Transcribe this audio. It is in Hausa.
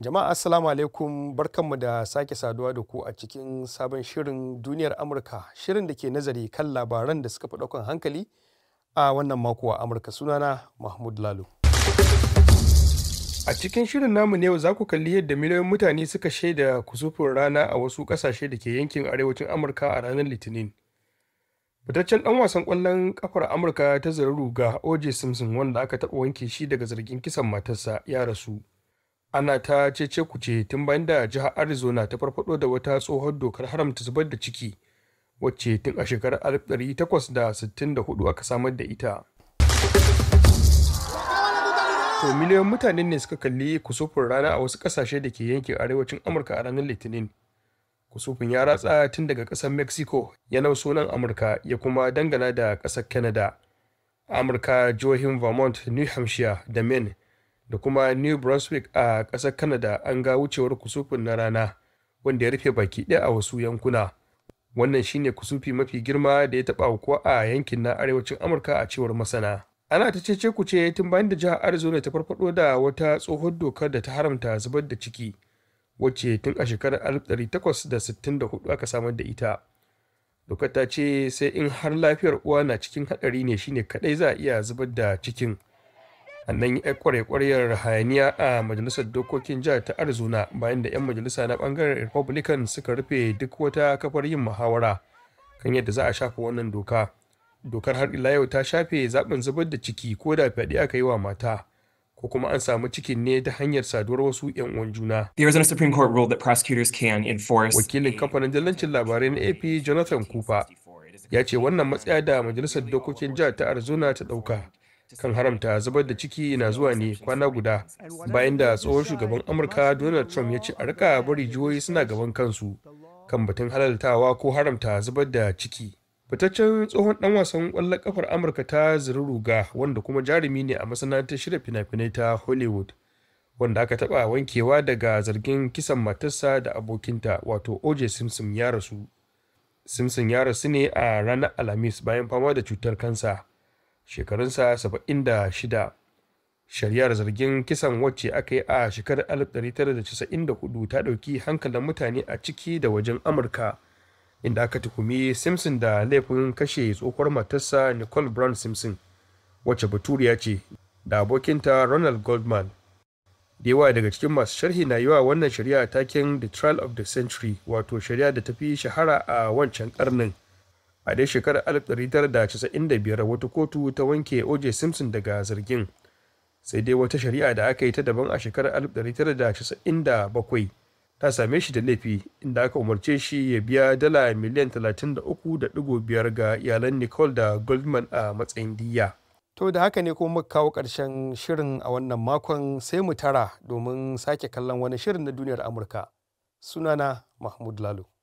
Jama'a Assalamu alaikum barkanmu da sake saduwa da ku a cikin sabon shirin duniyar Amurka shirin da ke nazari kan labaran da suka fi ɗaukan hankali a wannan mako a Amurka sunana Mahmud Lalo. A cikin shirin namu ne za ku kalli yadda miliyoyin mutane suka shaida kusufin rana a wasu ƙasashe da ke yankin arewacin Amurka a ranar Litinin. Fitaccen ɗan wasan ƙwallon ƙafar Amurka ta zararu ga O.J. Simpson wanda aka taɓa wanke shi daga zargin kisan matarsa ya rasu. ana ta cece kuce tun bayan da jihar arizona ta farfado da wata tsohon dokar haramta zubar da ciki wacce tun a shekarar 1864 aka samar da ita to miliyan mutane ne suka kalli kusufin rana a wasu kasashe da ke yankin arewacin amurka a ranar litinin kusufin ya ratsa tun daga ƙasar mexico ya sunan amurka ya kuma dangana da ƙasar canada amurka jihohin vermont new hampshire da maine da kuma new brunswick a ƙasar canada an ga wucewar kusufin na rana wanda ya rufe baki ɗaya a wasu yankuna wannan shine kusufi mafi girma da ya taɓa ko a yankin na arewacin amurka a cewar masana ana ta cece ce tun bayan da jihar arizona ta farfado da wata tsohon dokar da ta haramta zubar da ciki wacce tun a shekarar 1864 aka samar da ita dokar ta ce sai in har lafiyar uwa na cikin haɗari ne shine kaɗai za a iya zubar da cikin nan ya kware-kwaryar hayaniya a majalisar dokokin jihar ta arizona bayan da 'yan majalisa na bangaren republican suka rufe duk wata kafar yin muhawara kan yadda za a shafa wannan doka dokar har ila yau ta shafe zaɓin zubar da ciki ko da fyaɗe aka yi wa mata ko kuma an samu cikin ne ta hanyar saduwar wasu 'yan uwan juna. The Arizona Supreme Court ruled that prosecutors can enforce Wakilin kamfanin dalancin labarai na AP Jonathan Cooper ya ce wannan matsaya da majalisar dokokin jihar ta Arizona ta ɗauka kan haramta zubar da ciki na zuwa ne kwana guda bayan da tsohon shugaban amurka donald trump ya ce a rika bari jihohi suna gaban kansu kan batun halaltawa ko haramta zubar da ciki fitaccen tsohon dan wasan kwallon kafar amurka ta ziruruga wanda kuma jarumi ne a masana'antar shirya fina-finai ta hollywood wanda aka taba wankewa daga zargin kisan matarsa da abokinta wato oj simpson ya rasu simpson ya rasu ne a ranar alhamis bayan fama da cutar kansa shekarunsa 76 shari'ar zargin kisan wacce aka yi a shekarar 1994 ta ɗauki hankalin mutane a ciki da wajen amurka inda aka tuhumi simpson da laifin kashe tsohuwar matarsa nicole brown simpson wacce baturiya ce da abokinta ronald goldman da yawa daga cikin masu sharhi na yawa wannan shari'a taken the trial of the century wato shari'a da ta fi shahara a wancan karnin a dai shekarar 1995 wata kotu ta wanke oj simpson daga zargin sai dai wata shari'a da aka yi ta daban a shekarar 1997 ta same shi da laifi inda aka umarce shi ya biya dala miliyan 33.5 ga iyalan nicole da goldman a matsayin diya to da haka ne kuma muka kawo ƙarshen shirin a wannan makon sai mu tara domin sake kallon wani shirin na duniyar amurka sunana mahmud lalo